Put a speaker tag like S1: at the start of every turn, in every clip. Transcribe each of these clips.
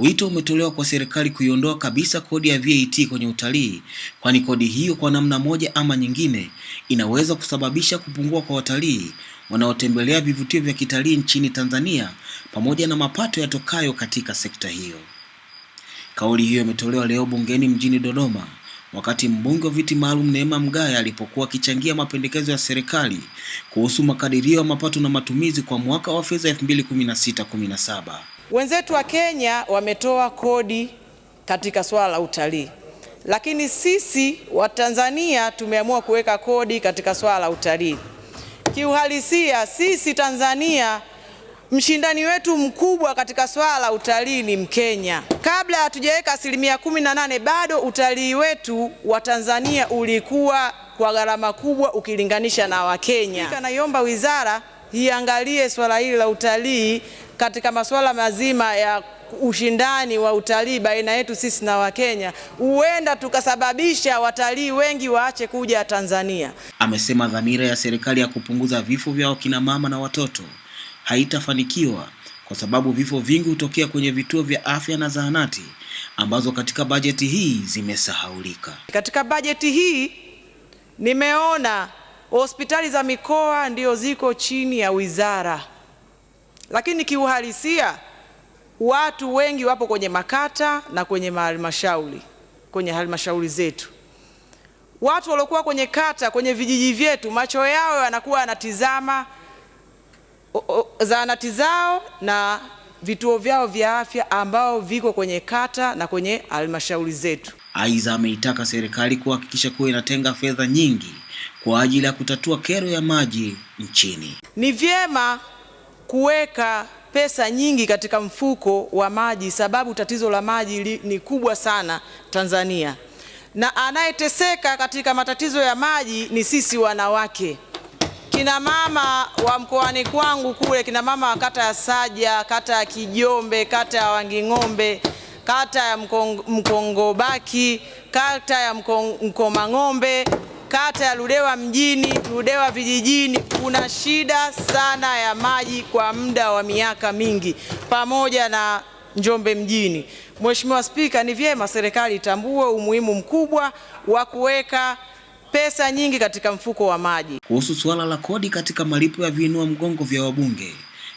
S1: Wito umetolewa kwa serikali kuiondoa kabisa kodi ya VAT kwenye utalii, kwani kodi hiyo kwa namna moja ama nyingine inaweza kusababisha kupungua kwa watalii wanaotembelea vivutio vya kitalii nchini Tanzania pamoja na mapato yatokayo katika sekta hiyo. Kauli hiyo imetolewa leo bungeni mjini Dodoma wakati mbunge wa viti maalum Neema Mgaya alipokuwa akichangia mapendekezo ya serikali kuhusu makadirio ya mapato na matumizi kwa mwaka wa fedha 2016/17.
S2: Wenzetu wa Kenya wametoa kodi katika swala la utalii, lakini sisi Watanzania tumeamua kuweka kodi katika swala la utalii. Kiuhalisia sisi Tanzania mshindani wetu mkubwa katika swala la utalii ni Mkenya. Kabla hatujaweka asilimia kumi na nane, bado utalii wetu wa Tanzania ulikuwa kwa gharama kubwa ukilinganisha na Wakenya. Naiomba wizara iangalie swala hili la utalii katika masuala mazima ya ushindani wa utalii baina yetu sisi na Wakenya, huenda tukasababisha watalii wengi waache kuja Tanzania.
S1: Amesema dhamira ya serikali ya kupunguza vifo vya wakina mama na watoto haitafanikiwa kwa sababu vifo vingi hutokea kwenye vituo vya afya na zahanati ambazo katika bajeti hii zimesahaulika.
S2: Katika bajeti hii nimeona hospitali za mikoa ndio ziko chini ya wizara lakini kiuhalisia watu wengi wapo kwenye makata na kwenye halmashauri, kwenye halmashauri zetu. Watu waliokuwa kwenye kata, kwenye vijiji vyetu, macho yao yanakuwa yanatizama zahanati zao na vituo vyao vya afya ambao viko kwenye kata na kwenye halmashauri zetu.
S1: Aidha, ameitaka serikali kuhakikisha kuwa inatenga fedha nyingi kwa ajili ya kutatua kero ya maji nchini.
S2: Ni vyema kuweka pesa nyingi katika mfuko wa maji, sababu tatizo la maji ni kubwa sana Tanzania, na anayeteseka katika matatizo ya maji ni sisi wanawake. Kina mama wa mkoani kwangu kule, kina mama wa kata ya Saja, kata ya Kijombe, kata ya Wanging'ombe, kata ya Mkongobaki, kata ya Mkomang'ombe kata ya Ludewa mjini, Ludewa vijijini kuna shida sana ya maji kwa muda wa miaka mingi pamoja na Njombe mjini. Mheshimiwa Spika, ni vyema serikali itambue umuhimu mkubwa wa kuweka pesa nyingi katika mfuko wa maji.
S1: Kuhusu suala la kodi katika malipo ya viinua mgongo vya wabunge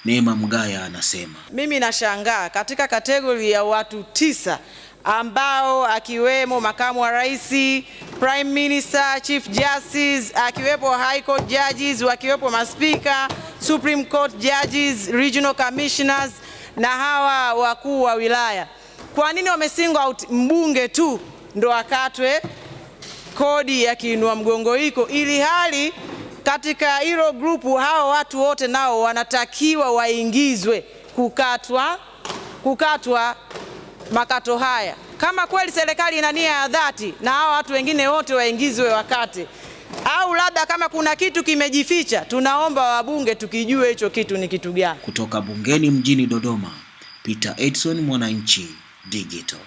S1: Neema Mgaya anasema,
S2: mimi nashangaa katika kategori ya watu tisa ambao akiwemo makamu wa rais, prime minister, chief justice, akiwepo high court judges, wakiwepo maspika, supreme court judges, regional commissioners na hawa wakuu wa wilaya. Kwa nini wamesingwa out mbunge tu ndo akatwe kodi ya kiinua mgongo iko ili hali katika hilo grupu, hao watu wote nao wanatakiwa waingizwe kukatwa, kukatwa makato haya, kama kweli serikali ina nia ya dhati, na hao watu wengine wote waingizwe wakate au labda kama kuna kitu kimejificha, tunaomba wabunge tukijue hicho kitu ni kitu gani.
S1: Kutoka bungeni mjini Dodoma, Peter Edson, Mwananchi Digital.